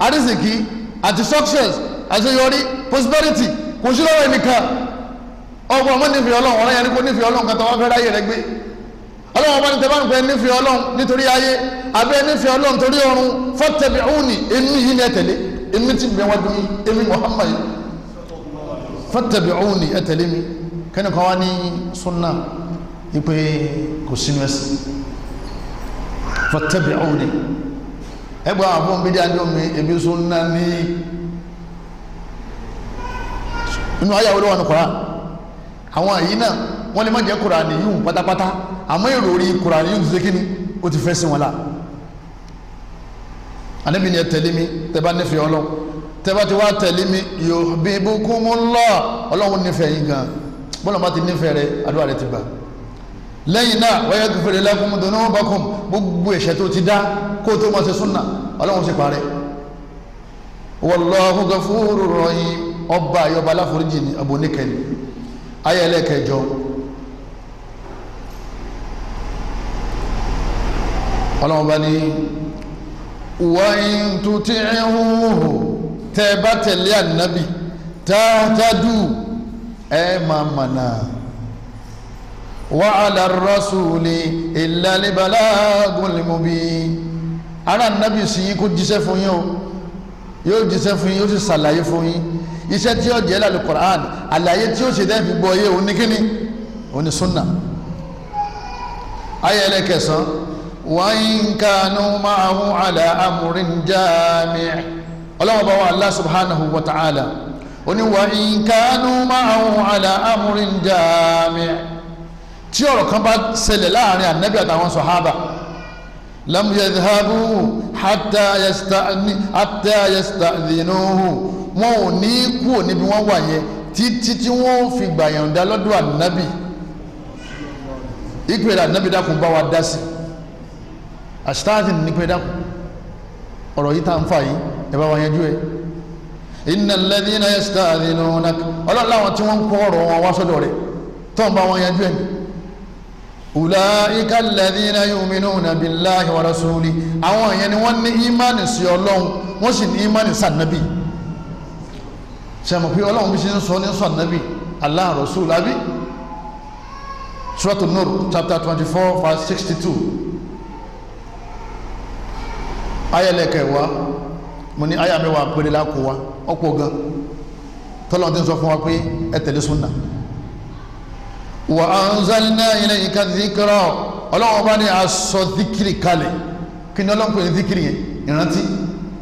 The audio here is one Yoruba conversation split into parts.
àrísìkí àti success àṣeyọrí prosperity kò sí lọ́wọ́ ẹnìkan ọgbọ́n ọmọ nífẹ̀ẹ́ ọlọ́run ọ̀rẹ́ yẹn ní kò nífẹ̀ẹ́ ọlọ́run kàtà wọn fẹ́ ráyè rẹ gbé ọlọ́run bá ní tẹ́lá nípa nífẹ̀ẹ́ ọlọ́run nítorí ayé abẹ́ nífẹ̀ẹ́ ọlọ́run torí ọ̀run fattabi'uni èmi yìí ni ẹ tẹ̀lé èmi ti bẹ̀ wájú mi èmi Muhammad fattabi'uni ẹ tẹ̀lé mi kẹ́nìkan wá ní sunna ipe kò sínú ẹ̀sìn fattabi'uni ẹgbẹ́ àwọn fún bídí àjọ mi ebi sunna ní inú ayé àwọn olówó Kùránì àwọn èyí náà wọ́n lè má jẹ́ Kùránì yìí pátápátá àmọ́ èrò orí Kùránì yìí ti ṣe kíni ó ti fẹ́ sí wọn la anabi ni ẹ tẹ̀lé mi tẹ́ bá nífẹ̀ẹ́ Ọlọ́run tẹ́ bá ti wá tẹ̀lé mi yuhbibkumullah Ọlọ́run nífẹ̀ẹ́ yín gan bọ́lá bá ti nífẹ̀ẹ́ rẹ àdúrà rẹ ti gbà. lẹ́yìn náà wọ́n yẹ kẹfẹ́rẹ́ lẹ́kùn dùnúbàkùn gbogbo ẹ̀ṣẹ̀ tó ti dá kó tó máa ṣe súnà ọlọ́run ti parẹ́ wallahu ghafurur ọba ayọba aláforíjì ni abonikẹni ayé ẹlẹ́kẹjọ ọlọ́run bá ní wàyín tuntun ẹ̀hún tẹ́ bá tẹ̀lé ànábì tààtàdù ẹ̀ máa وعلى الرسول إلا البلاغ المبين ara nàbì sí yín kó jíṣẹ́ fún yín o yóò jíṣẹ́ fún yín yóò sì ṣàlàyé fún yín iṣẹ́ tí ó jẹ́ lálẹ́ Qur'an àlàyé tí ó ṣe dẹ́ fi gbọ́ yé òní kíní òní sunna ayé ẹlẹ́kẹsàn wọ́n kanu ma'ahu ala amrin jami' ọlọ́wọ́ bá wà Allah subhanahu wa ta'ala ó ní kanu ma'ahu ala amrin jami' tí ọ̀rọ̀ kan bá ṣẹlẹ̀ láàrin ànábì àtàwọn sọ̀hábà lam yadhabu wọn ò ní kúrò níbi wọn wà yẹn títí tí wọ́n fi gbà yọ̀ǹda lọ́dọ̀ ànábì ìpè rẹ̀ dákun bá wa dá sí àṣìtáàtì nípè dákun ọ̀rọ̀ yìí tá à fà yìí ẹ bá wa yanjú ẹ̀ tí wọ́n ọ̀rọ̀ ulaika alladhina yu'minuna billahi wa rasuli àwọn yẹn ni wọ́n ní ìmánì sí ọlọ́run wọ́n sì ní ìmánì sànnábì sẹ́mu pé ọlọ́run bí ṣe ń sọ ní sànnábì Allah rasul abi Suratu Nur chapter twenty four verse sixty two ayẹlẹ́kẹ̀ wa mo ní ayà mẹ́wàá péré la kó wa ọ̀pọ̀ gan tọ́lọ́run ti sọ fún wa pé ẹ tẹ̀lé sunna wà anzalna ilayka dhikra ọlọ́wọ́n bá ní aṣọ zikiri kalẹ̀ kí ni ọlọ́wọ́n pè ní zikiri yẹn ìrántí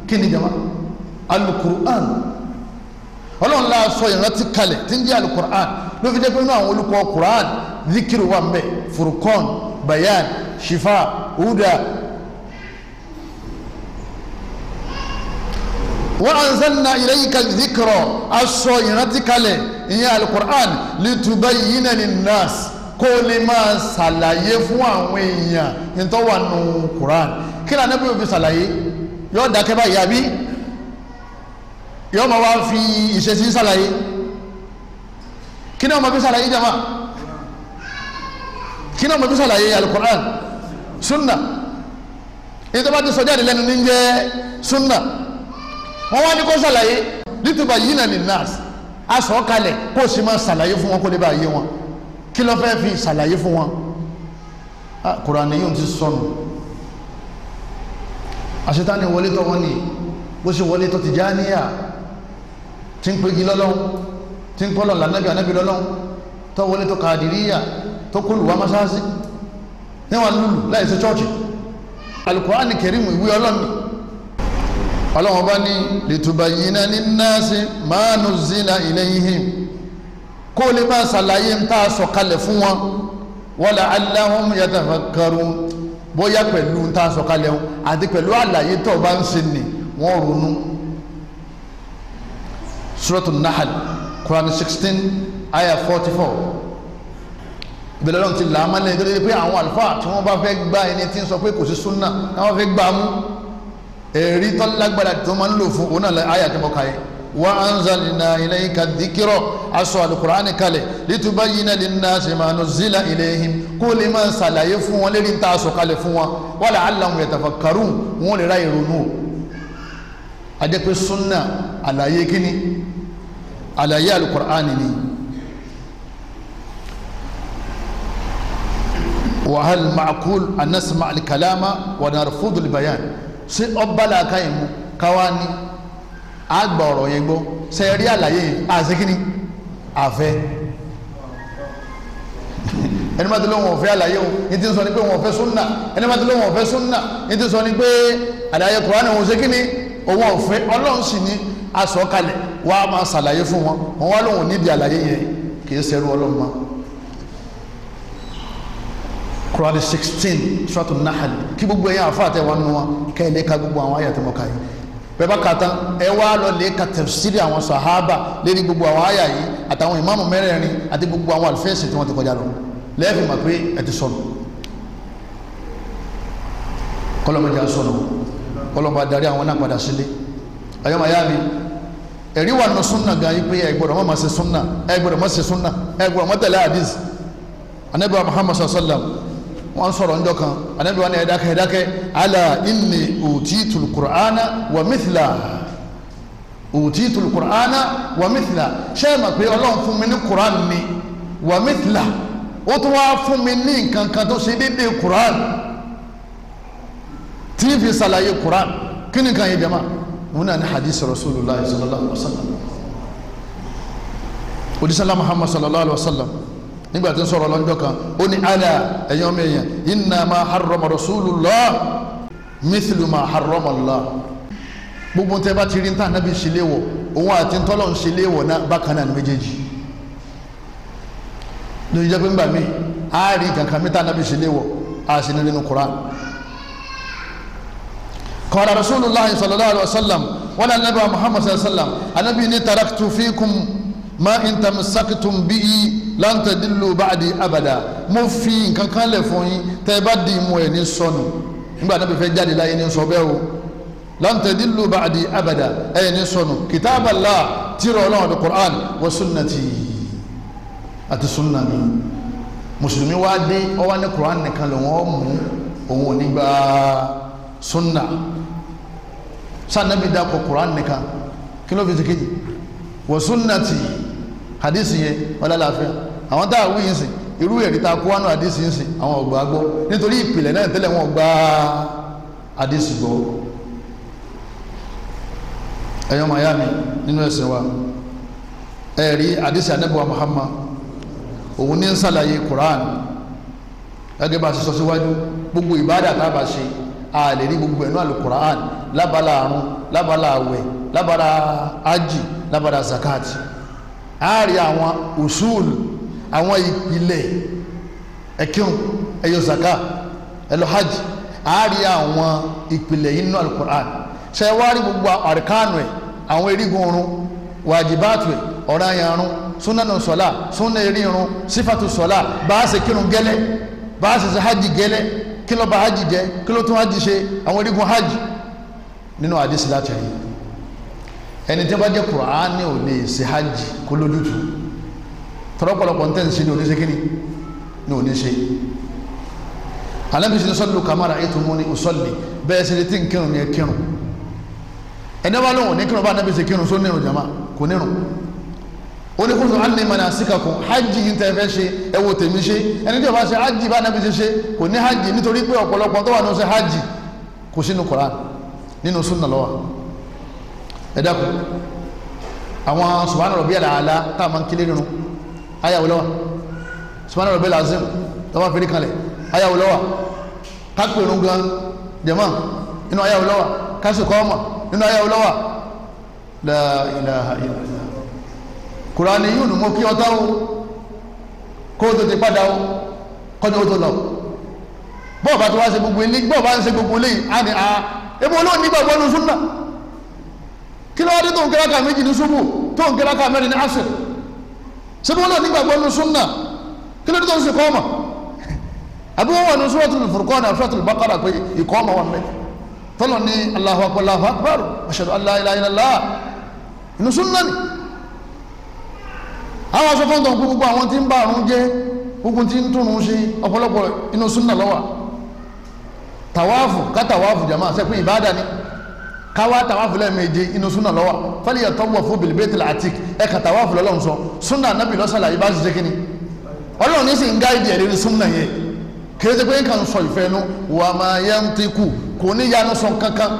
kí ni jama alukur'an ọlọ́wọ́n la aṣọ ìrántí kalẹ̀ tí ń jẹ́ alukur'an ló fi jẹ́ pé inú àwọn olùkọ́ kur'an zikiri wà ń furukọ́n bayan shifa huda wa anzalna ilayka dhikra aṣọ ìrántí kalẹ̀ ìyẹn alukur'an litubayyina linnas kó lè máa ṣàlàyé fún àwọn èèyàn ìtọ́wà nù kur'an kí ni anábìyẹ fi ṣàlàyé yóò dákẹ́ báyìí àbí yóò máa wá fi ìṣesí ṣàlàyé kí ni wọ́n máa ṣàlàyé jama kí ni wọ́n máa ṣàlàyé alukur'an sunna ìtọ́ba ti sọ jáde lẹ́nu ní jẹ́ sunna wọ́n wá ní kó ṣàlàyé nítorí yìí náà ní nas aṣọ kalẹ̀ kó o sì máa ṣàlàyé fún wọn kó lè bá yé wọn kí ló fẹ́ fi ṣàlàyé fún wọn ah, kùránì yóò ti sọnù àṣetáni wọlé tó wọn ni bó ṣe wọlé tó Tìjàníyà tí ń pegi lọ́lọ́hún tí ń pọ́lọ̀ lànàbí ànàbí lọ́lọ́hún tó wọlé tó Kàdìríyà tó kúlù wá mọ́ṣáláṣí níwọ̀n lùlù láì sí chọ́ọ̀chì Al-Qur'ani ìwé Ọlọ́run ọlọ́run bá ní lìtùbàyínà ní nọ́ọ̀sì máa nù zina ilayhim kó lè máa ṣàlàyé ń tà sọ̀kalẹ̀ fún wọn wala allahum yatafakkarun bóyá pẹ̀lú ń tà sọ̀kalẹ̀ wọn àti pẹ̀lú àlàyé tó bá ń ṣe nì wọ́n ronú. suratul nahal quran sixteen ayah forty four ìbẹ̀lẹ̀ ọlọ́run ti làámálẹ̀ gẹ́gẹ́ bí pé àwọn àlùfáà tí wọ́n bá fẹ́ gbá ẹni tí ń sọ pé kò sí súnà táwọn fẹ́ gbá mú èrí tó lágbára tó man lò fún ona la àyà tó mọ wa anzalna ilayka dhikra aṣọ alquran kalẹ̀ lin nas ma nuzila ilayhim kó lè máa ṣàlàyé fún wọn lérí tá a sọ kalẹ̀ fún wọn wa la'allahum yatafakkarun wọn lè rai ronu ade pe sunna àlàyé kíni àlàyé alquran ni. وهل معقول أن نسمع الكلام ونرفض البيان ṣé ọba làákà yẹn mu káwa ní àgbà ọ̀rọ̀ yẹn gbọ́ ṣe rí àlàyé yẹn àṣekínní àfẹ́ ẹni máa ti lóun ọ̀fẹ́ àlàyé o ní ti sọ ni pé òun ọ̀fẹ́ súnà ẹni máa ti lóun ọ̀fẹ́ súnà ní ti sọ ni pé àlàyé kùránì òun ṣekínní òun ọ̀fẹ́ ọlọ́run sì ní aṣọ kalẹ̀ wàá máa ṣàlàyé fún wọn wọn wá lóun nídìí àlàyé yẹn kì í ṣerú ọlọ́run máa kurani sixteen suratu nahal kí gbogbo ẹ̀yin àfa àtẹ̀wá nínú wọn kẹ́lẹ́ ka gbogbo àwọn àyà tẹ̀mọ́ ká yìí bẹ́ẹ̀ bá ka tán ẹ wá lọ lè ka àwọn sahaba lérí gbogbo àwọn àyà yìí àtàwọn ìmáàmù mẹ́rẹ̀ẹ̀rin àti gbogbo àwọn àlùfẹ́ẹ̀sì tí wọ́n ti kọjá lọ lẹ́ẹ̀fì mà pé ẹ ti sọnù kọlọ́mọdé sọnù kọlọ́mọ adarí àwọn náà padà sílé ẹ̀yọ́ màyá mi ẹ̀rí wà nù súnà gan yìí pé ẹ gbọ́dọ̀ sallam wọ́n sọ̀rọ̀ ńjọ́ kan anabi wa ni ẹdákẹ́ ẹdákẹ́ ala inni utitul qur'ana wa mithla utitul qur'ana wa mithla ṣé ẹ mọ̀ pé ọlọ́run fún mi ní qur'an ni wa mithla ó tún wá fún mi ní nǹkan kan tó ṣe déédéé qur'an tí fi ṣàlàyé qur'an kí ni kan yẹ jama wọn náà hadith rasulillah sallallahu alaihi wa sallam odisala muhammad sallallahu alaihi wa sallam nígbà tó ń sọ̀rọ̀ lọ́jọ́ kan ó ní ala ẹ̀yin ọmọ èèyàn inna ma harrama rasulullah mithlu ma harrama Allah gbogbo tẹ́ bá ti rí níta nábì ṣe léwọ̀ òun àti ntọ́lọ̀ ń ṣe léwọ̀ náà bákan náà ní méjèèjì lórí jẹ́ pé ńgbà míì á rí kankan mítà nábì ṣe léwọ̀ á sì ní nínú Qur'an qala rasulullah sallallahu alaihi wa sallam wala nabi muhammad sallam anabi ni láǹtẹ̀dínlò báàdì abàdà mo fi nǹkan kan lẹ̀ fún yín tẹ́ ẹ bá di mu ẹ̀ ní sọnù nígbà náà fẹ́ jáde láyé ní sọ bẹ́ẹ̀ o láǹtẹ̀dínlò báàdì abàdà ẹ̀ ní sọnù kìtàbàlá tìrọ̀ ọlọ́run alukur'an wa sunnati àti sunna mi mùsùlùmí wa dé ọwọ́ ní kur'an nìkan lòun ọ̀ mú òun ò ní gba sunna sanabi dakọ kur'an nìkan kí ló fi ti kejì wa sunnati hadisi yẹn wọ́n lálàáfíà àwọn tá a wí yín sìn irú ẹ̀rí ta kó wánú àdìsí yín sìn àwọn ọ̀gbà gbọ́ nítorí ìpìlẹ̀ náà tẹ́lẹ̀ wọn gba àdìsí gbọ́ ẹ̀yọ́ miami nínú ẹ̀sìn wa ẹ̀rí àdìsí anábọ̀ Muhammad òun ní sàlàyé Quran gẹ́gẹ́ bá a ṣe sọ síwájú gbogbo ìbádà tá a bá ṣe a lè rí gbogbo ẹ̀nú alukur'an lábala àrùn lábala àwẹ̀ lábala ájì lábala zakat a rí àwọn usul àwọn ìpìlẹ̀ ẹ̀kírun ẹ̀yọ zaka ẹ̀lọ hajj àárí àwọn ìpìlẹ̀ inú alukur'an ṣe wá rí gbogbo àríkánu ẹ̀ àwọn erigun oorun wàjibátu ẹ̀ ọ̀ràn ayarun súnánù sọ̀lá súnà erírun sífàtù sọ̀lá bá a ṣe kírun gẹ́lẹ́ bá a ṣe ṣe hajj gẹ́lẹ́ kí ló ba hajj jẹ́ kí ló tún hajj ṣe àwọn erigun hajj nínú àdìsí láti rí ẹni tí wọ́n bá jẹ́ kùránì ò ní ṣe hajj kó lójútu tọ́lọ́pọ̀lọpọ̀ ń tẹ̀sí ní oníṣe kíni ní oníṣe alábìsí ní sọ́lù kàmára ètò mú ní òsọ́lì bẹ́ẹ̀ sí ti ń kírun ní kírun ẹni wá lóhùn ní kírun bá anábìsí kírun só nírun jama kò nírun ó ní kóso alẹ́ mọ̀ náà síkà kún hajj yìí tẹ́ fẹ́ ṣe ẹ wo tèmi ṣe ẹni tí o bá ṣe hajj bá anábìsí ṣe kò ní hajj nítorí pé ọ̀pọ̀lọpọ̀ tó wà ní o ṣe hajj kò sínú koran nínú sunna lọ́wọ́ ẹ dákun àwọn subhanahu rabbiyal aala tá a máa ń kílé nínú ayàwó lọ́wọ́ subhana rabbil azim lọ́wọ́ fèrè kalẹ̀ ayàwó lọ́wọ́ kápẹ̀rún gan jẹ̀mọ́ nínú ayàwó lọ́wọ́ kásìkọ́ ọmọ nínú ayàwó lọ́wọ́ la ilaha illallah kùránì yìí mo kí ọtá o kó o tó ti padà o kọjú o tó lọ bọ́ọ̀ wá ṣe gbogbo ilé bọ́ọ̀ bá ń gbogbo ilé a a ebi olóòn ní gbàgbọ́ nu kí ló wá dé tó ń kẹ́ráka méjì ní ṣubú tó ń kẹ́ráka mẹ́rin ní asẹ̀ ṣé bí wọ́n náà nígbàgbọ́ ní súnà kí ló dé tó ń sìnkọ́ ọmọ àbí wọ́n wà ní suratul Furqan àti suratul Baqara pé ìkọ́ ọmọ wọn mẹ́ tọ́lọ̀ ní Allahu akbar Allahu akbar ashhadu an la ilaha illallah inú ni àwọn aṣọ fọ́ńtọ̀ gbogbo àwọn tí ń bá àrùn jẹ́ gbogbo tí ń túnú ṣe ọ̀pọ̀lọpọ̀ inú súnà lọ́wọ́ tàwáàfù ká tàwáàfù jàmáà sẹ́pẹ́ ìbáàdà ni káwá tàwáfù lẹ́ẹ̀mejì inú súnà lọ́wọ́ fẹ́lẹ́yà tọ́wọ́ fún bilibétìlá àti ẹ̀ka tàwáfù lọ́lọ́run sọ súnà anábì lọ́sàlà yìí bá ṣiṣẹ́ kínní ọlọ́run ní sì ń gáìdì ẹ̀rí súnà yẹn kí pé ń sọ ìfẹ́ nu wà máa yẹ ń ti kù kò ní yanu sọ kankan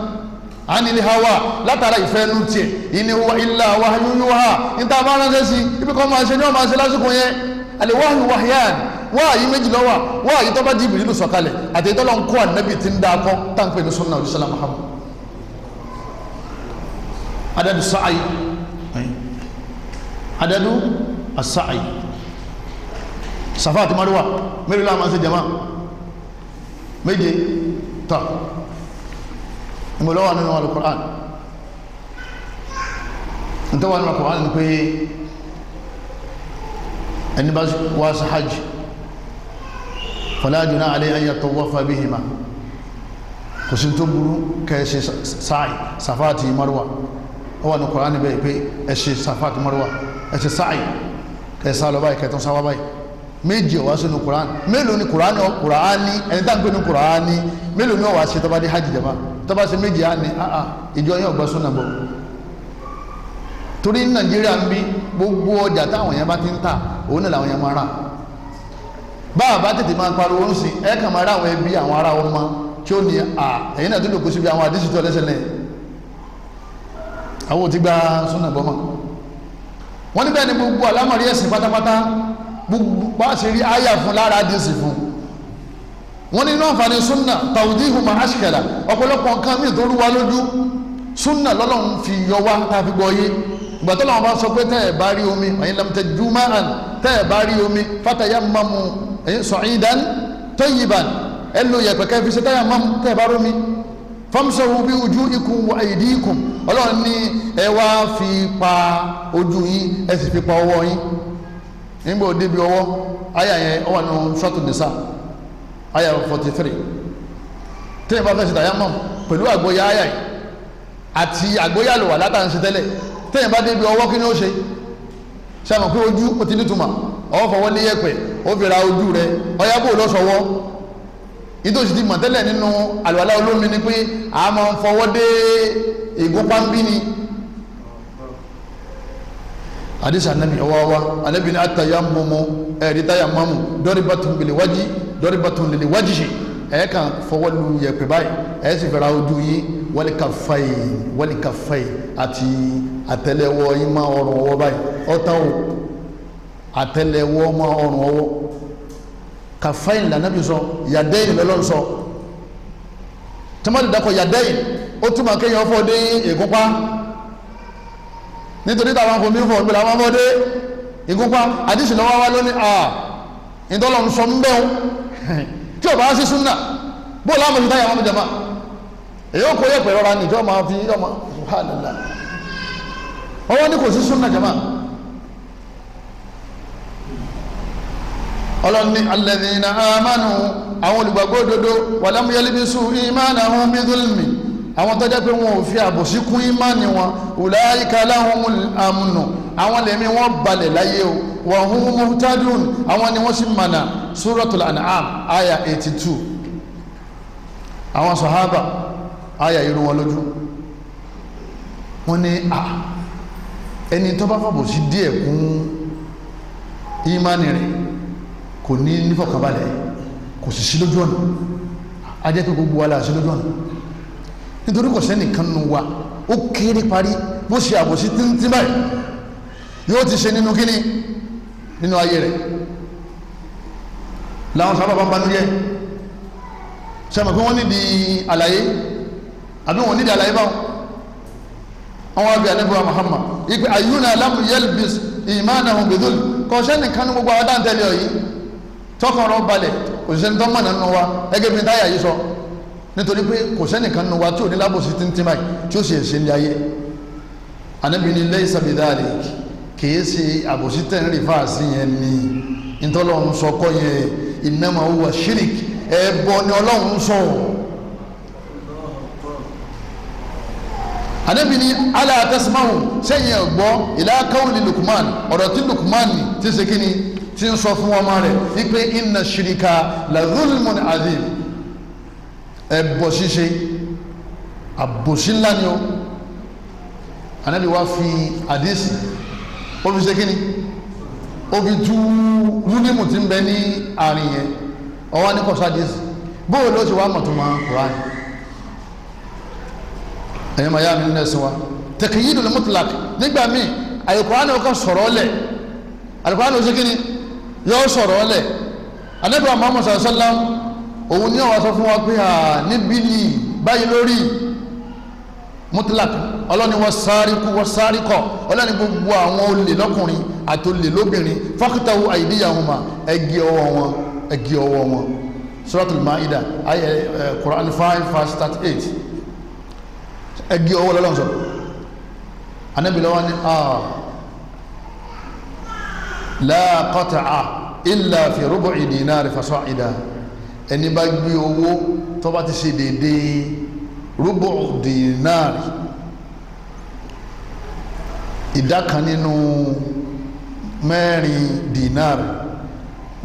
anil hawa látara ìfẹ́ nu tiẹ̀ ìní wa ilà wa yúyú ha níta bá ránṣẹ́ sí ibi kan máa ṣe ní ọmọ àṣẹ lásìkò yẹn àlè wáyé wáyán wáyé méjì lọ́wọ́ wáyé tó bá Jibrilu sọ̀kalẹ̀ àti ìtọ́lọ́ ànábì tí ń dáa kọ́ táǹpẹ̀ ní sunna òjíṣẹ́lá Muhammad adadu sa'ayi adadu as-sa'ayi safa àti maruwa mẹ́rin láàmà sí jama méje tọ́ ìmọ̀lọ́wà nínú al-Qur'an ìtọ́wà nínú al-Qur'an ni pé ẹni bá wá sí hajj fala junaha alayhi an yatawafa bihima kò sí tó burú kẹ́ẹ̀ṣe sáàì safa maruwa ó wà ní koran níbẹ̀ pé ẹ ṣe safa àti marwa ẹ ṣe sa'i kẹ sá lọ báyìí kẹtàn sáwá báyìí méjì ọ̀wá sínú koran mélòó ni koran ni koran ni ẹni tá n pè ní koran ni mélòó ni ọ̀wá ṣe tọ́ba dé hajj jama tọ́ba ṣe méjì á ní ah ah ìjọ yẹn ọ̀gbọ́n sún nàbọ̀ torí nàìjíríà ń bí gbogbo ọjà táwọn yẹn bá ti ń tà òun náà làwọn yẹn máa rà báà tètè máa pariwo ń sìn ẹ kàn máa rà àwọn ẹbí àwọn ará ọmọ tí ó ní à ẹ̀yin náà tó lòkó síbi àwọn àdísìtò ọlẹ́sẹ̀ náà àwọn ò ti gba súnà bọ́mọ̀ wọ́n níbẹ̀ ni gbogbo àlámọ̀rí ẹ̀sìn pátápátá gbogbo bá ṣe rí àyà fún lára díìsì fún wọ́n ní náà fani súnà tàwùdí ìhùmà àṣìkẹ̀là ọ̀pọ̀lọpọ̀ nǹkan míì tó rú wa lójú súnà lọ́lọ́run fi yọ wá tá a fi gbọ́ yé ìgbà tó làwọn bá sọ pé tẹ́ ẹ̀ bá rí omi ẹ̀yin lamtẹ̀ jùmọ̀án tẹ́ ẹ̀ bá rí omi fàtàyà mamu ẹ̀yin sọ̀ìdán tọ́yìbàn ẹ̀ lóye pẹ̀kẹ́ fi ṣe táyà mamu tẹ́ ẹ̀ bá rómi famsahu bi wujuhikum wa aydikum iku ní ẹ wá fi pa ojú yín ẹ sì fi pa ọwọ́ yín nígbà òde ọwọ yi. àyà yẹn ọwọ́ nù sọ́tù nìsa àyà forty three tẹ́lẹ̀ bá fẹ́ ṣe tàyámọ̀ pẹ̀lú àgbóyá àyà yìí àti àgbóyá lò wà látà ń ṣe tẹ́lẹ̀ bá débi ọwọ́ kí ni ó ṣe ṣàmùkú ojú ti ọwọ́ fọwọ́ ní ó fi ra ojú nítòsí ti mọ̀ tẹ́lẹ̀ nínú àlùwàlá olómi ni pé a máa ń fọwọ́ dé ìgúnpá ń bí ni hadisa anabi ọwawa anabi ni ataya mọmọ ẹẹdi taya mọmọ dọri batun lili waji dọri batun lili waji si ẹ kan fọwọ́ lu yẹpẹ báyìí ẹ sì fẹ́ra ojú yìí wali ka fayi wali ka fayi àti àtẹ́lẹwọ́ yìí máa ọrùn ọwọ́ báyìí ọ̀tá o àtẹ́lẹwọ́ máa ọrùn ọwọ́ kàfáìn lànàbí sọ yàdẹ́yìn lọ́lọ́n sọ tẹ́mọ́tì dakọ̀ yàdẹ́yìn ó túmọ̀ kéèyàn fọ́ dé ìgúnpá nítorí táwọn afọ mi fọ ìgbìlá wọn fọ́ dé ìgúnpá àdìsí lọ́wọ́ wa lónìí à ìdọ́lọ́ ń sọ ń bẹ́ẹ̀ tí o bá sí súnà bóòlù àwọn ọmọdé táyà wọn jẹ máa èyí ó kó yẹ pẹ̀lú ọ̀rá nìjọ́ máa fi ọmọ subhanallah ọwọ́ ní kò sí súnà jẹ máa. ọlọ́ni alẹ́dìnnà amánu àwọn olùgbàgbọ́ òdodo wàlámúyẹ́lẹ́bísù ìmáàna àwọn mídùlùmí àwọn tó jẹ́ pé wọn ò fi àbòsí kún ìmáàni wọn ọ̀làyíká láwọn amúnù àwọn lèmi wọn balẹ̀ láyé o wà hún muhtadun àwọn ni wọ́n sì mànà suratul an'am aya eighty àwọn sahaba aya irun wọn lójú wọn ní a ẹni tó bá fàbòsí díẹ̀ kún ìmáàni rẹ̀ kò ní nífọ̀kànbalẹ̀ kò sì sí lójú ọ̀nà a pé gbogbo wa la sí lójú ọ̀nà nítorí kò sẹ́nìkan nu wa ó kéré parí bó ṣe àbòsí tíntín báyìí yóò ti ṣe nínú kíni nínú ayé rẹ̀ làwọn sábà bá ń banújẹ́ sẹ́mi pé wọ́n nídìí àlàyé àbí wọ́n nídìí àlàyé báwọn àwọn àbí anabiwa Muhammad ipe ayuna alamu yelbis imanahun bidul kò sẹ́nìkan nu gbogbo àwọn dáńtẹ́lẹ̀ yìí tọkàn rọ balẹ̀ kò sí sẹ́ni tó mọ̀nà nù wa ẹgẹ́ bí táyà yìí sọ nítorí pé kò sẹ́nìkan nù wa tí ò ní lábòsí tíntín báyìí tí ó sì èsì ilé ayé Ànábì ní laysa bidhalik kìí ṣe àbòsí tẹ̀rìn fàásì yẹn ni ntọ́lọ́run sọ kọ́ yẹn innama huwa shirik ẹ̀bọ ni ọlọ́run sọ Ànábì ní ala tasma'u sẹ́yìn ẹ̀gbọ́ ila qawli lukman, ọ̀rọ̀ tí Luqman ti ṣe kí ni tí ń sọ fún ọmọ rẹ̀ wípé inna shirika la zulmun azim ẹ̀bọ̀ ṣíṣe àbòsí ńlá ni ó anabi wa fi àdísì ó fi ṣe kí ni ó fi tú rúdìmù tí ń bẹ ní àárín yẹn ọwọ́ ní kọ́sá àdísì bóòlù ó ti wá mọ̀túnmọ́ Quran ẹ̀yẹ́ màá yá mi nínú ẹ̀sìn wa tẹ̀kìyí dùn ní mutlak nígbà míì àyè Quran ó kàn sọ̀rọ̀ ọ̀lẹ̀ àlùkò àná ó ṣe kí ni yóò sọ̀rọ̀ ọlẹ̀ anábìá muhammad sallam òun ní ọ̀wá sọ fún wa pé à níbí ni báyìí lórí mutlak ọlọ́ni wọ́n sáré kú wọ́n sáré kọ̀ ọlọ́ni gbogbo àwọn olè lọ́kùnrin àti olè lóbìnrin fọ́kítàwó àìdíyàwòmá ẹgì ọwọ́ wọn ẹgì ọwọ́ wọn suratul maida ayẹ ẹ eh, quran five verse thirty eight ẹgì ọwọ́ lọ́lọ́sọ anábìá wa ni ah. لا قطع إلا في ربع دينار fasa'ida ẹni bá gbé owó tó bá ti ṣe déédéé rubu'u dinari ìdá kan nínú mẹ́rin dinari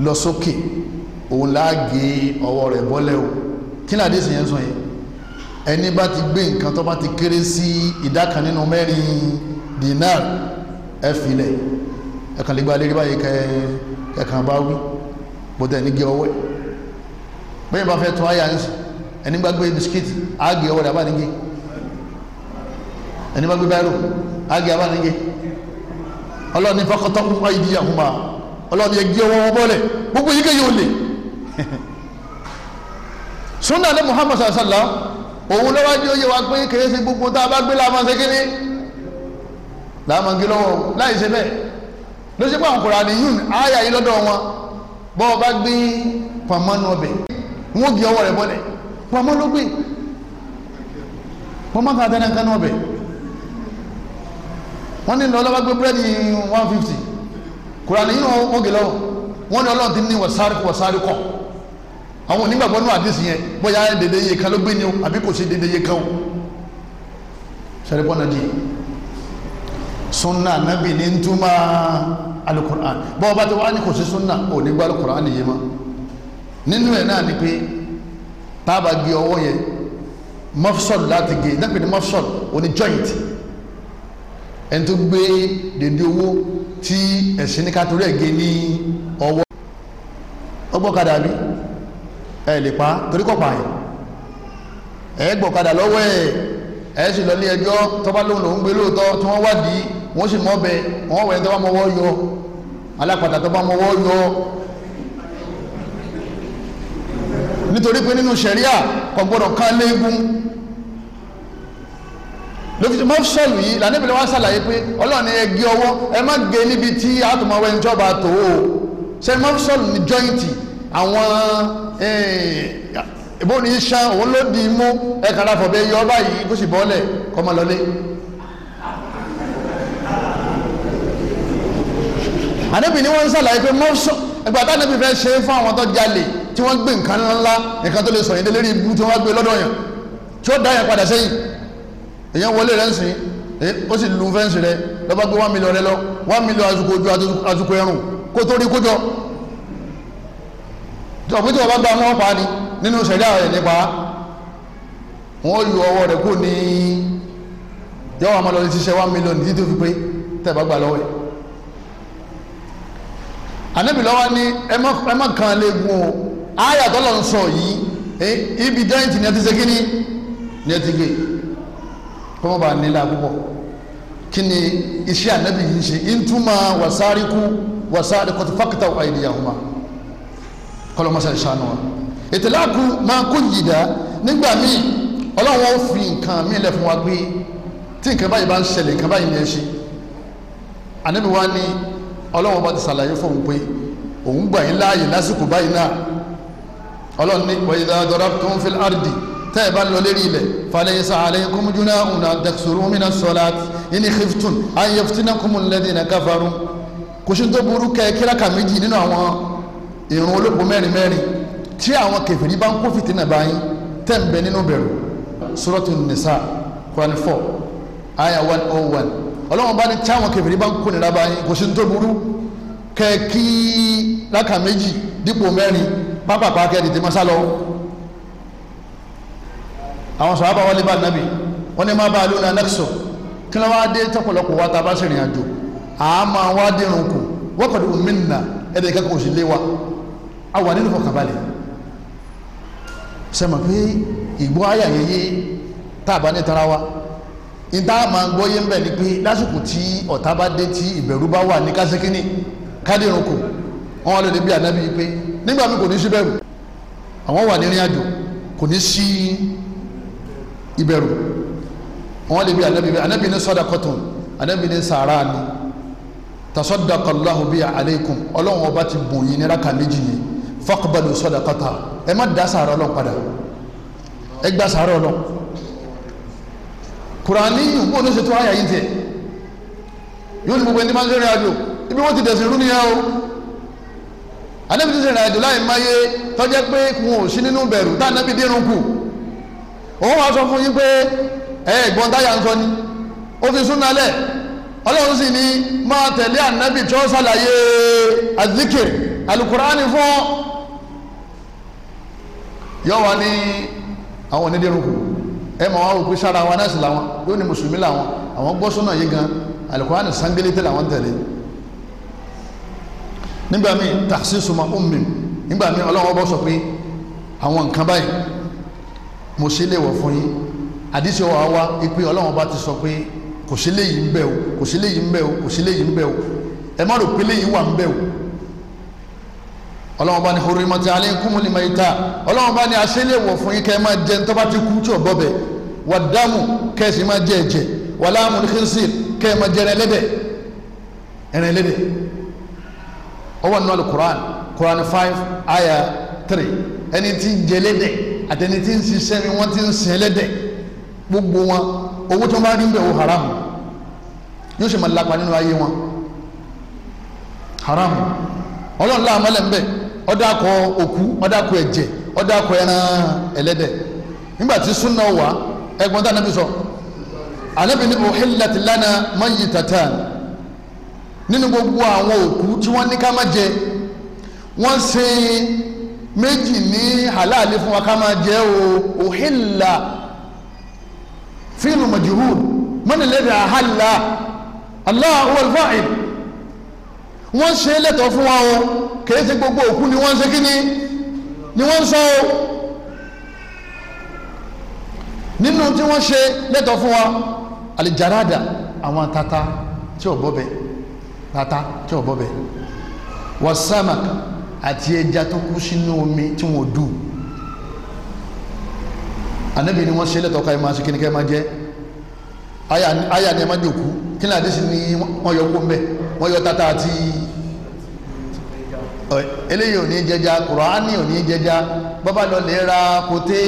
lọ sókè òun láàgé ọwọ́ rẹ̀ bọ́lẹ̀ o kí ni àdéhùn yẹn sọ yẹn ẹni bá ti gbé nǹkan tó bá ti kéré sí ìdá kan nínú mẹ́rin dinari ẹ filẹ̀ ẹ̀kan lè gba lérí báyìí kẹ̀kan bá wí bọ́tẹ̀ ní gé ọwọ́ ẹ̀ bẹ́ẹ̀ bá fẹ́ tún àyà ń sùn ẹni bá gbé bisikíìtì á gé ọwọ́ rẹ̀ abánigé ẹni bá gbé báyìí á gé abánigé ọlọ́ọ̀ni fọkọtọ́ kún wáyé di àhùnmá ọlọ́ọ̀ni ẹ gé ọwọ́ wọn bọ́ọ̀lẹ̀ gbogbo yìí kéye ò lè sunna ní Muhammad sallallahu òun lọ́wọ́dí ó yẹ wa pé kérésì gbogbo tá a bá gbé láàmú ṣe kéde láàmú gé lọ́wọ́ láì ló ṣe pé àwọn Kùránì yìí àyà yìí lọ́dọ̀ wọn bọ́ ọ bá gbé pàmọ́nù ọbẹ̀ wọn gé ọwọ́ rẹ̀ bọ́lẹ̀ pàmọ́ ló gbé pàmọ́ kan àtẹnà kan ọbẹ̀ wọ́n ní lọ́lọ́ bá gbé búrẹ́dì one fifty Kùránì yìí wọ́n gé lọ́wọ́ wọ́n ní Ọlọ́run ti ní wọ̀sáré wọ̀sáré kọ̀ àwọn onígbàgbọ́ náà àdìsí yẹn bóyá dédé iye kan ló gbé ni o àbí kò ṣe dédé iye kan o ṣàrẹ́bọ́nà jì í sunna nabi ní ń túmọ̀ alukur'an bọ́ọ̀ bá ti wá ní kò sí sunna ò ní gbọ́ alukur'an yìí mọ́ nínú ẹ̀ náà ni pé tábà gé ọwọ́ yẹn mọ́fṣọ́l láti gé náà pè ní mọ́fṣọ́l òní joint ẹni tó gbé dèndé owó tí ẹ̀sìn ní kátólì ẹ̀ gé ní ọwọ́ ọgbọ́kadà bí ẹ lè pa torí kọ̀ pààyàn ẹ gbọ́kadà lọ́wọ́ ẹ̀ ẹ sì lọ ní ẹjọ́ tọ́ba lóun lòún gbé lóòótọ́ wọ́n sì mọ́ bẹ wọ́n wẹ̀ tó bá mọ́wọ́ yọ alápàtà tó bá mọ́wọ́ yọ nítorí pé nínú ṣẹ̀ríà kò gbọ́dọ̀ ká léegun lókìtì mọ́fṣọ́lù yìí lànàbìlẹ̀ wá sàlàyé pé ọlọ́run ni ẹ gé ọwọ́ ẹ má gé níbi tí àtùmọ̀wé ń jọba tó o ṣe mọ́fṣọ́lù ní jọ́ìntì àwọn eh, ìbò ní iṣan òun ló di mú ẹ kàrà fọ̀bẹ yọ báyìí kó sì bọ́lẹ̀ kọ́mọlọ́lé. ànábì ni wọ́n ń sàlàyé pé mọ́ṣọ́ ẹgbẹ́ àtànábì fẹ́ ṣe é fún àwọn tó jalè tí wọ́n gbé nǹkan ńlá nǹkan tó lè sọ̀yìn délé rí ibú tí wọ́n gbé lọ́dọ̀ yàn tí ó dá yàn padà sẹ́yìn èyàn wọlé rẹ̀ ń sìn ó sì lu fẹ́ǹsì rẹ̀ lọ́ba gbé one million rẹ lọ one million àsùkò ojú àsùkò ẹrùn kó tó rí kójọ tọ̀pítì ọba gba mọ́ pa ni nínú sẹ̀dá rẹ̀ nípa wọ́n yọ ọwọ́ rẹ̀ kó ní yọ̀wọ́ àmọ́ lọ́ọ́ ti ṣiṣẹ́ one million títí tó fi pé tẹ̀ bá gbà lọ́wọ́ yìí anabi lọ́wọ́ ni ẹ má kan léegun o àyà tó lọ́n sọ yìí ibi dẹ́yìntì ni ẹ ti ṣe kí ni ni ẹ ti gbé kó má bàa nílá púpọ̀ kí ni iṣẹ́ anabi yìí ń ṣe ìtumọ̀ wasáríkú wasáríkú ti fákítà àìdíyàwó kọlọmọsẹ ìṣàánú wa ìtìláàkù máa kó yìdá nígbà míì ọlọ́wọ́ fi nǹkan míì lẹ̀ fún wa gbé tí nǹkan báyìí bá ń ṣẹlẹ̀ nǹkan báyìí ní ẹ ṣe ànábì wa ni ọlọ́run bá ti ṣàlàyé fóun pé òun gbà yín láàyè lásìkò báyìí náà ọlọ́run ní wọ́n ìdá dọ́rọ́ tó ń fi àrùdì tẹ́ ẹ̀ bá lọ lérí ilẹ̀ falẹ̀yẹsà àlẹ́yìnkùn júná ọ̀nà dẹ̀kṣọ̀rọ̀ mìíràn sọ̀lá ìní khiftun ayẹ̀fìtínà kùmùn lẹ́dínà káfàrú kò sí tó burú kẹ́ kíráka méjì nínú àwọn ìrún olóko mẹ́rin mẹ́rin tí àwọn kẹfìrí bá ń kó fìtínà báyìí tẹ́ ń bẹ nínú bẹ̀rù suratul nisa kwan four aya ọlọ́wọ́n bá ní tí àwọn kẹfìrí bá ń kó nira bá yín kò sí tó burú kẹ kí láka méjì dípò mẹ́rin pápápá kẹ́ tètè máa sá lọ. àwọn sàhábà wọlé bá nàbì wọn ní má bá a lónà nẹ́kṣọ̀ kí ló wáá dé tọpọlọpọ wa ta bá sì àmọ́ wá dẹrùn kù wọ́n kọ̀ dùn mí nà ẹ̀dẹ̀ ìkẹ́kọ̀ọ́ sì lé wa a wà nínú fọkànbalẹ̀ sẹ́mi pé ìgbọ́ àyà yẹn tá a bá ní tara wa ìta máa gbọ́yé ń bẹ̀ ni pé lásìkò tí ọ̀tá bá dé tí ìbẹ̀rù bá wà ní káṣíkínì kádìrún kò wọn lè bí ànábì yìí pé nígbà mi kò ní sí bẹ̀rù àwọn wà nírìn àjò kò ní sí ìbẹ̀rù wọn lè bí ànábì yìí ànábì ní sadaqatun ànábì ní sàárà ni tasaddaqallahu biha alaykum ọlọ́run ọba ti bùn yín ní rákà méjì yìí faqbalu sadaqata ẹ má dá sàárà ọlọ́run padà ẹ gbà sàárà ọlọ́run kùránì yìí bó ní ṣe tó àyà yìí tiẹ̀ yóò ní gbogbo ẹni máa ń rìnrìn àjò ibi wọ́n ti dẹ̀sìn rú nìyẹn o anábì ti rìnrìn àjò láì máa yé tọ́jẹ́ pé wọn ò sí nínú bẹ̀rù tá anábì dérun kù òun wàá sọ fún yín pé ẹ ẹ̀gbọ́n táyà ń sọ ni ó fi sún nalẹ̀ ọlọ́run sì ní máa tẹ̀lé anábì tí ó ṣàlàyé azikir alukuraani fún yọ wá ní àwọn onídẹ̀rùn kù ẹ mọ̀ wọn òpin sára wọn nọ́ọ̀sì làwọn yóò ní mùsùlùmí làwọn àwọn gbọ́ sọ́nà yìí gan alukurani sangelete làwọn tẹ̀lé nígbà míì tàxí suma ummi nígbà míì ọlọ́wọ́ bọ́ sọ pé àwọn nǹkan báyìí mo ṣe lè wọ̀ fún yín àdísì wa wá ipe ọlọ́wọ́n bá ti sọ pé kò sí léyìí ń bẹ o kò sí léyìí ń bẹ o kò sí léyìí ń bẹ o ẹ má rò pé léyìí wà ń bẹ o ọlọ́wọ́n bá ní hurimati alaykumul mayta ọlọ́wọ́n bá ní aṣẹ́lẹ̀wọ̀ fún yín kẹ́ máa jẹ ní tọ́ba ti kú tí ò bọ́bẹ̀ wà dáàmú kẹ́ ẹ sì máa jẹ ẹ̀jẹ̀ wà láàmúl khinsir kẹ́ ẹ máa jẹ ẹran ẹlẹ́dẹ̀ ẹran ẹlẹ́dẹ̀ ọwọ́ nínú ọ̀lẹ́ Quran Quran five aya three ẹni tí ń jẹ ẹlẹ́dẹ̀ àti ẹni tí ń ṣiṣẹ́ mi wọ́n ti ń sin ẹlẹ́dẹ̀ gbogbo wọn owó tó ń bá rí ń bẹ̀ wò haram ń bẹ̀ ọdakọ dàkọ̀ òkú ó dàkọ̀ ẹ̀jẹ̀ ó dàkọ̀ ẹran ẹlẹ́dẹ̀ nígbà tí súnà wà ẹgbọn tánà bí sọ ànábì ní uhillat lana mayyitatan nínú gbogbo àwọn òkú tí wọ́n ní ká má jẹ wọ́n ṣe méjì ní halali fún wa ká má jẹ o uhilla fílù wọ́n ṣe lẹ́tọ̀ọ́ fún wa o kìí ṣe gbogbo òkú ni wọ́n ṣe kí ni ni wọ́n sọ o nínú tí wọ́n ṣe lẹ́tọ̀ọ́ fún wa alijarada àwọn tata tí ò bọ́bẹ̀ tata tí ò bọ́bẹ̀ wasamak àti ẹja tó kú sínú omi tí wọ́n dù anabi ni wọ́n ṣe lẹ́tọ̀ọ́ ká máa ṣe kí ni máa jẹ́ aya ni ẹ máa jòkú kí ni àdéṣe ni wọ́n yọ kó ń bẹ̀ yọ tata àti. eléyìí ò ní jẹja kùránì ò ní jẹja kote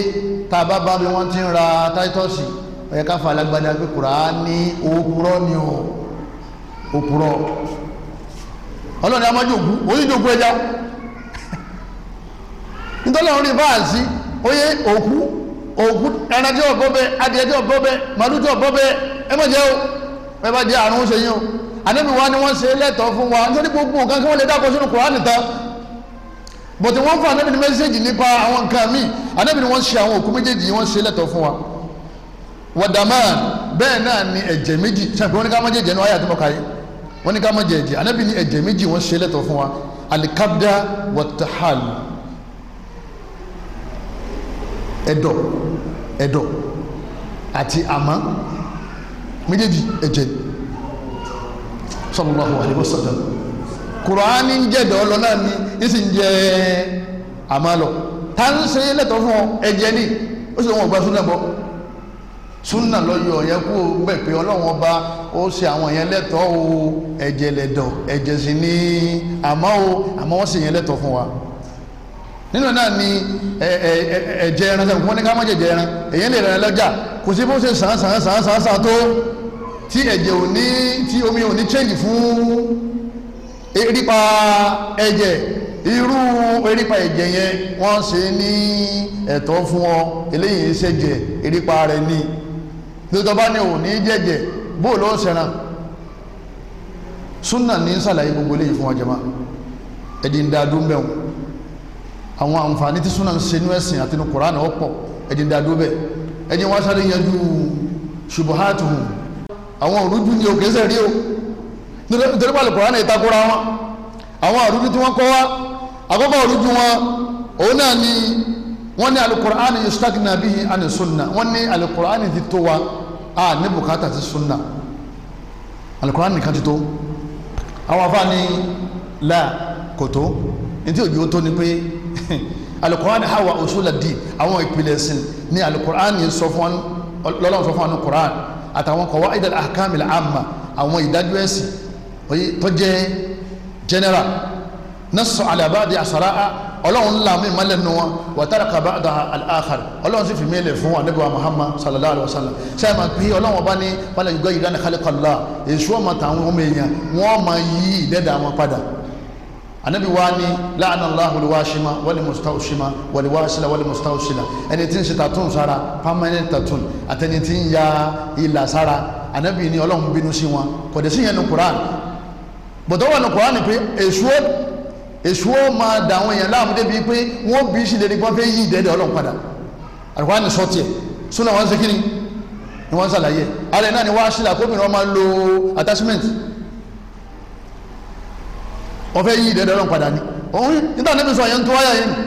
tá a bá bá bí wọ́n ti ń ra táítọ́ọ̀sì ó yẹ alágbádá pé kùránì ni o òpùrọ́ ọlọ́ni amájòkú oníjòkú ẹja nítorí àwọn orin báàsì oyè òkú òkú ẹ má jẹ́ o ẹ jẹ́ àrùn ànábì wa ni wọ́n ṣe lẹ́tọ̀ọ́ fún wa nítorí gbogbo nǹkan kí wọ́n lè dákọ̀ sínú kùránì tán bọ̀tí wọ́n fún ànábì ní mẹ́sẹ́jì nípa àwọn nǹkan míì ànábì ni wọ́n ṣe àwọn òkú méjèèjì wọ́n ṣe lẹ́tọ̀ọ́ fún wa wàdàmà bẹ́ẹ̀ náà ni ẹ̀jẹ̀ méjì sàbí wọ́n ní ká má jẹ ẹ̀jẹ̀ ní wáyà tó mọ̀ káyé wọ́n ní ká má jẹ ẹ̀jẹ̀ ànábì ní ẹ̀jẹ̀ méjì wọ́n ṣe lẹ́tọ̀ọ́ fún wa alikabda watahal ẹ̀dọ̀ ẹ̀dọ̀ àti àmọ́ méjèèjì ẹ̀jẹ̀ ni sallallahu alaihi wasallam kùránì ń jẹ̀dọ̀ ọlọ náà ni ń sì ń jẹ àmàlọ tá ń ṣe lẹ́tọ̀ fún ọ ẹ̀jẹ̀ ni ó sì wọn gba súnà bọ́ súnà lọ́yọ̀ yẹn kú bẹ̀ pé ọlọ́run ọba ó ṣe àwọn yẹn lẹ́tọ̀ o ẹ̀jẹ̀ lẹ̀dọ̀ ẹ̀jẹ̀ sì ni àmọ́ o àmọ́ wọ́n sì yẹn lẹ́tọ̀ fún wa nínú náà ni ẹ̀jẹ̀ ẹran sẹ́wọ̀n fún wọn ní ká má jẹ̀jẹ̀ ẹran èyí lè rẹ̀ lọ́jà kò sí bó ṣe sàn sàn sàn sàn sàn tó tí ẹ̀jẹ̀ ò ní tí omi ò ní change fún erípa ẹ̀jẹ̀ irú erípa ẹ̀jẹ̀ yẹn wọ́n ṣe ní ẹ̀tọ́ fún ọ eléyìí ṣẹ̀jẹ̀ erípa rẹ̀ ni lótọ́bá ni ò ní jẹ̀jẹ̀ bóò ló súnà ní sàlàyé gbogbo eléyìí fún ọjọ́ ẹ̀dì ń da dúró bẹ́ẹ̀ àwọn àǹfààní tí súnà ń ṣe ní ẹ̀sìn àti ní kùránì ọ̀pọ̀ ẹ̀dì ń da bẹ́ẹ̀ ẹ̀dì àwọn òrújú ni òkè sẹ̀ rí o nítorí pàlẹ́ kùránì ìtakora wọn àwọn òrújú tí wọ́n kọ́ wa àkọ́kọ́ òrújú wọn òun náà ni wọ́n ní alukur'ani yustagna bihi ani sunna wọ́n ní alukur'ani ti tó wa a ní bukata ti sunna alukur'ani nìkan ti tó àwọn afa ni la kò tó ntí òjò tó ni pé alukur'ani hawa usula di àwọn ìpìlẹ̀ sin ní alukur'ani sọ fún lọ́lọ́run sọ fún alukur'ani àtàwọn qawaid al-ahkam al-amma àwọn ìdájọ́ ẹ̀sìn tó jẹ́ general nasu ala ba'di asara'a ọlọ́run ńlá mi mọ́lẹ̀ nù wọn wa taraka ba'da al-akhar ọlọ́run sì fi mí lè fún wa níbi muhammad sallallahu alayhi wa sallam sẹ́yìn máa pín ọlọ́run ọba ní wala yughayyiranna khalqa Allah èso ọmọ tàwọn ọmọ èèyàn wọ́n máa yí ìdẹ́dà wọn padà anabi wa ni laana allahu li waashima wali mustawshima wali waashila wali mustawshila ẹni tí ń ṣe tatun sára permanent tatun àtẹni tí ń ya ilà sára anabi ni ọlọ́run bínú sí wọn kò dé sí yẹn nu quran bọ̀dọ̀ wà nu quran pé èṣù èṣù ó máa dà àwọn èèyàn láàmú débi pé wọ́n bí sí lè rí pọ́n fẹ́ yí ìdẹ́dẹ́ ọlọ́run ni sọ́ọ̀tì ẹ̀ súnà wọn ni wọ́n ṣàlàyé alẹ́ náà ni waashila kóbìnrin wọn máa lo attachment ọ̀fẹ́ yí ìdẹ́dẹ́ ọlọ́run padà ní òun nígbà níbi sọ yẹn tó wáyà yẹn nù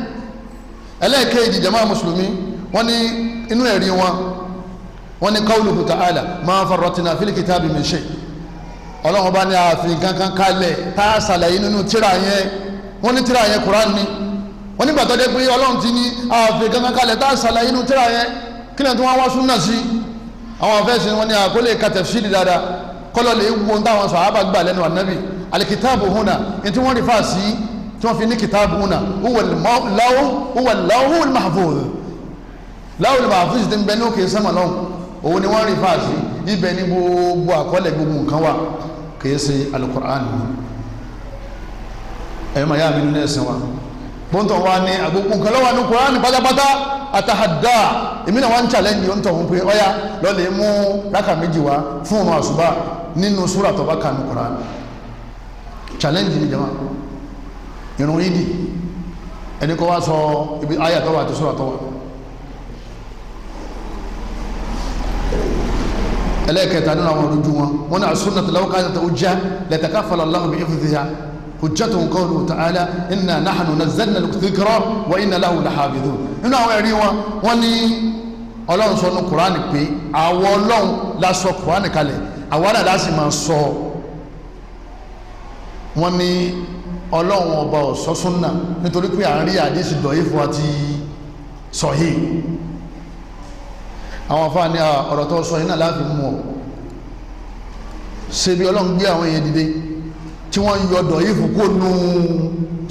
ẹlẹ́ẹ̀kejì jama mùsùlùmí wọ́n ní inú ẹ̀rí wọn wọ́n ní qawluhu ta'ala ma farratina fil kitabi min shay ọlọ́run bá ní ààfin kankan kalẹ̀ tá a ṣàlàyé nínú tíra yẹn wọ́n ní tíra yẹn kuran ni wọ́n nígbà tó dé pé ọlọ́run ti ní ààfin kankan kalẹ̀ tá a nínú tíra yẹn kí ni tí wọ́n wá súnà sí àwọn afẹ́sìn wọn ní àkólé katafsiri dáadáa kọ́lọ́ lè wọ́n táwọn sàhábà gbà lẹ́nu ànábì alikitaabu huna ntí wọ́n rìfà sí tí wọ́n fi ní kitaabu huna huwa lawhul mahfuz lawhul mahfuz ti ń bẹ ní òkè sẹ́mọ̀ lọ́hùn òun ni wọ́n rìfà sí ibẹ̀ ni gbogbo àkọọ́lẹ̀ gbogbo nǹkan wà kìí ṣe alukur'an ẹ̀yọ́ màá yá mi nínú ẹ̀sìn wa bóńtọ̀ wa ni àgbogbo nǹkan lọ́wọ́ ní kur'an pátápátá atahadá èmi náà wá ń challenge yóò ń tọ̀ wọ́n pé ọ̀yà lọ́ọ́ méjì wá fún ọmọ àṣùbà nínú súrà tó bá kur'an challenge ni jama irun yìí di ẹni kọ́ wá sọ ibi ayà tọ́wà àti sọ́rọ̀ tọ́wà ẹlẹ́ẹ̀kẹta nínú àwọn ojú wọn wọn náà súnà tó lọ́wọ́ káyọ̀ tó ó já lẹ́tàká fọlọ́ aláhùn bí ìfìfì ha hujjatun qawluhu ta'ala inna nahnu nazzalna al-dhikra wa inna lahu lahafidhun nínú àwọn ẹ̀rí wọn wọn ní ọlọ́run sọ ní kuraani pé àwọn ọlọ́run la sọ kuraani kalẹ̀ àwọn àdàdà máa sọ wọ́n ní ọlọ́run ọba ọ̀sọ́ súnà nítorí pé à ń rí àdísì dọ̀yìfù àti sọ̀hí àwọn afáà ní ọ̀rọ̀ tó sọ yìí náà láti mú ọ ṣe bí ọlọ́run gbé àwọn èèyàn dìde tí wọ́n yọ dọ̀yìfù kó nu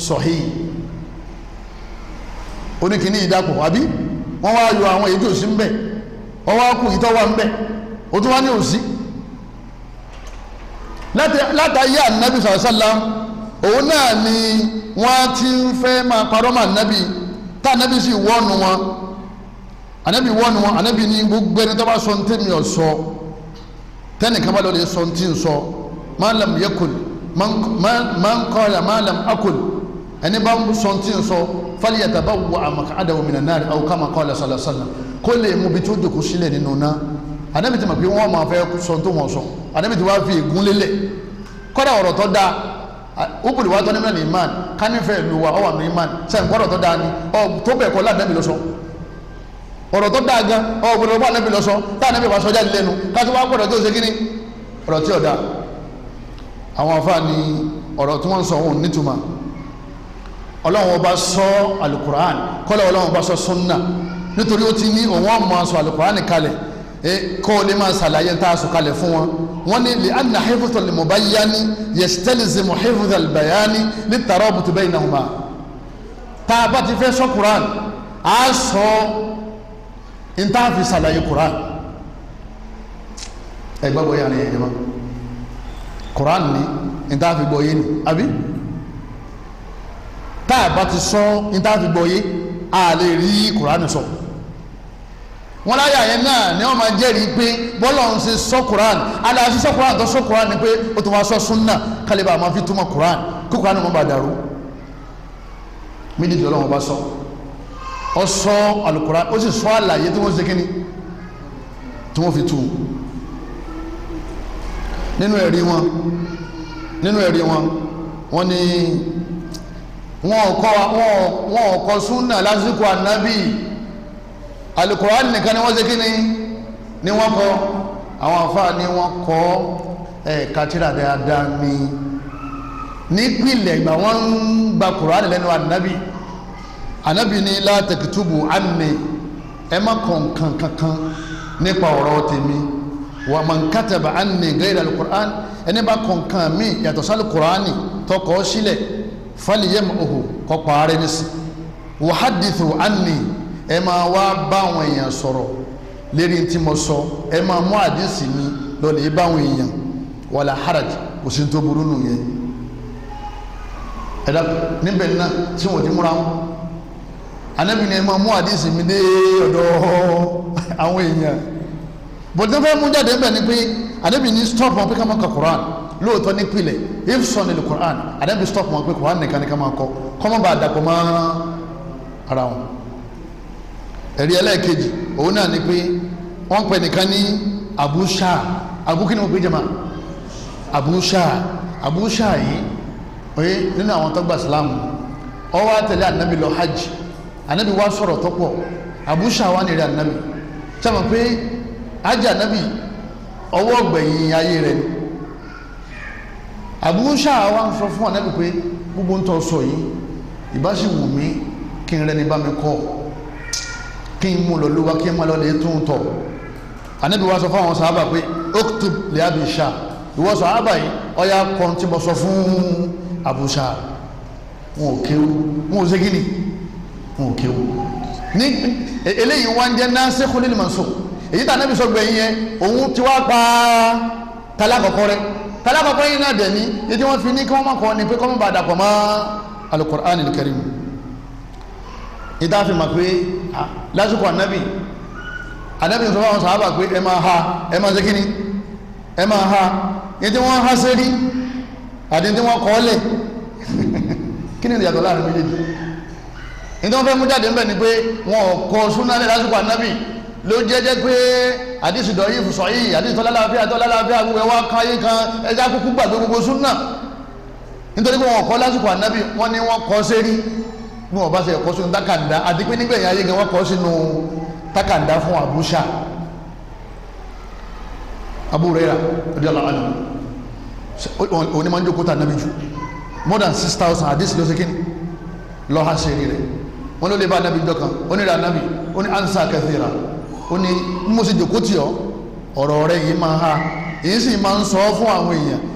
sọ̀hí oníkìní ìdàpọ̀ àbí wọ́n wá yọ àwọn èyí tó sí ń bẹ̀ wọ́n wá kù ìtọ́wà ń bẹ̀ ó tún wá ní òsì látàyé ànábì sàlọ́sàlá òun náà ni wọ́n ti ń fẹ́ máa parọ́ mọ́ ànábì tá ànábì sì wọ́ọ̀nù wọn ànábì wọ́ọ̀nù wọn ànábì ní gbogbo ẹni tó bá sọ ní tèmi ọ̀ tẹ́nìkan bá lọ́ọ́ sọ ní tí ń sọ malam yakul man kọ́ra malam akul ẹni bá ń sọ tí ń sọ fáliyàtà bá wà àmàkà àdàwọ̀ mìíràn náà àwọn kàmà kọ́ra sàlàsàlà kó lè mú bí tó dòkú sílẹ̀ nínú náà anabi ti mọ̀ pé wọ́n máa fẹ́ sọ tó wọ́n sọ anabi ti wá fi ègún lélẹ̀ kọ́dà ọ̀rọ̀ tó dáa ọ̀pọ̀lọpọ̀ wa tó ní mẹ́rin iman kánífẹ̀ lu wa ọ̀wà mi iman sẹ́yìn kọ́dà tó dáa ni ọ̀ tó bẹ̀ kọ́ láàbẹ̀ mi lọ sọ ọ̀rọ̀ tó dáa gan ọ̀pọ̀lọpọ̀ wa anabi lọ sọ tá anabi wa sọjá lẹ́nu káṣí wa gbọ́dọ̀ tó ṣe kíní ọ̀rọ̀ tí ò dáa àwọn afáàní ọ̀rọ̀ tí wọ́n sọ òun nítumọ̀ ọlọ́run ọba sọ alukur'an kọ́lá ọlọ́run ọba sọ sunna nítorí ó ti ní òun ọmọ sọ alukur'an kalẹ̀ kó o lè máa ṣàlàyé tá a sọ̀kalẹ̀ fún wọn wọ́n ní lè anna hifdhu al-mubayyani yastalizimu hifdhu al-bayani lit-tarabut baynahuma tá a bá ti fẹ́ sọ Qur'an a sọ nta fi ṣàlàyé Qur'an ẹ gbàgbọ́ yàrá yẹn jẹ́ Qur'an ni nta fi gbọ́ yé ni àbí tá a bá ti sọ nta fi gbọ́ yé a lè rí Qur'an sọ. So wọn láyà yẹn náà ni wọn máa jẹ́rìí pé bọ́lá òun ṣe sọ Quran aláàfin sọ Quran tó sọ Quran ni pé ó tún wá sọ sunna kálíbà máa fi túmọ̀ Quran kí Quran mọ̀ bá dàrú méjèèjì ọlọ́run bá sọ ọ sọ alukuran ó sì sọ àlàyé tí wọ́n ṣe kíni tí wọ́n fi tu nínú ẹ̀rí wọn nínú ẹ̀rí wọn wọn ni wọn ò kọ́ wọn ò kọ́ súnà lásìkò ànábì alukur'an nìkan ni wọ́n ṣe kíni ni wọ́n kọ́ àwọn àfáà ni wọ́n kọ́ ẹ̀ katira dáadáa mi nípìnlẹ̀ ìgbà wọ́n ń gba kur'an lẹ́nu ànábì ànábì ni látẹ̀kìtùbù àmì ẹ má kọ̀ nǹkan kankan nípa ọ̀rọ̀ tèmi wà man kataba àmì gẹ́gẹ́ alukur'an ẹni bá kọ̀ nǹkan mi yàtọ̀ sí alukur'an tọkọ̀ sílẹ̀ fàlìyẹ́mù òhù kọ́ pààrẹ́ nísì wàhádìtù àmì ẹ máa wá bá àwọn èèyàn sọ̀rọ̀ lérí tí mo sọ ẹ máa mú àdìsí mi lọ́lẹ̀ bá àwọn èèyàn wàlà haraj kò sí tó burú nù yẹn ẹ̀dá níbẹ̀ náà tí wọ́n ti múra wọn anabi ni ẹ máa mú àdìsí mi dé ọ̀dọ̀ àwọn èèyàn bọ̀dé fẹ́ mú jáde níbẹ̀ ni pé anabi ni stop wọn pé ká máa ka Quran lóòótọ́ ní pilẹ̀ if sọ ni Quran anabi stop wọn pé nìkan ni ká máa kọ kọ́mọ́ bá dàpọ̀ mọ́ ara wọn. ẹ̀rí ẹlẹ́ẹ̀kejì òun náà ni pé wọ́n pè nìkan ní Abu Shah Abu kí ni mo pè jẹ́ ma Abu Shah Abu Shah yìí oye nínú àwọn tó gba Islam ó wá tẹ̀lé anabi lọ hajj anabi wá sọ̀rọ̀ tó pọ̀ Abu Shah wá nílẹ̀ anabi sábà pé hajj anabi ọwọ́ gbẹ̀yìn ayé rẹ̀ ni Abu Shah wá ń sọ fún anabi pé gbogbo ń tọ́ sọ yìí ìbáṣe wù kí n rẹ́ni bá mi kọ́ ọ kí n mú lọ lówá kí n má lọ lè tún tọ̀ ànábì wa sọ fún àwọn sàábà pé oktub lè abi ṣá ìwọ sàábà yìí ọyà kan tí sọ fún àbúṣà wọn ò kéwu wọn ò ségin ni wọn ò kéwu ní eléyìí wá ń jẹ nasikhu lil mansukh èyí tà ànábì sọ gbẹ̀yìn yẹn òun ti wá pa tálákọ̀kọ́ rẹ̀ tálákọ̀kọ́ yìí náà dẹ̀ ní ètí wọ́n fi ní kí wọ́n má kọ́ ni pé kọ́ mọ́ bàdàpọ̀ mọ́ alukur'an alkarim ìta fi mọ̀ pé lásìkò ànábì ànábì sọ fáwọn sàábà pé ẹ máa ha ẹ máa ṣe kíni ẹ máa ha ní tí wọ́n há sérí àti tí wọ́n kọ́ọ́lẹ̀ kí ni ìyàtọ̀ láàrin méjèèjì ní tí wọ́n fẹ́ mú jáde ńbẹ̀ ni pé wọn ò kọ súnálẹ̀ lásìkò ànábì ló jẹ́jẹ́ pé àdìsí dọ̀yìn fùsọ̀ yìí àdìsí tọ́lá láàfíà tọ́lá láàfíà gbogbo ẹwà káyé kan ẹja kúkú gbàgbé gbogbo súnà nítorí pé wọn kọ́ lásìkò ànábì wọn ni wọn kọ́ sérí ní wọn bá ṣe sínú takanda àti pé nígbẹ̀yìn ayé gan wọn kọ́ sínú takanda fún abusha Abu Hurairah radiyallahu anhu onímọ̀njókòtà nàbí more than six thousand àdìsí ló ṣe kíni lọ́ha ṣe rí rẹ̀ wọn ló lè bá nàbí dọ́kan ó ní ra nàbí ó ní ansa kathira ó ní mo sì jòkó tì ọ́ ọ̀rọ̀ rẹ̀ yìí máa ha èyí sì máa ń sọ fún àwọn èèyàn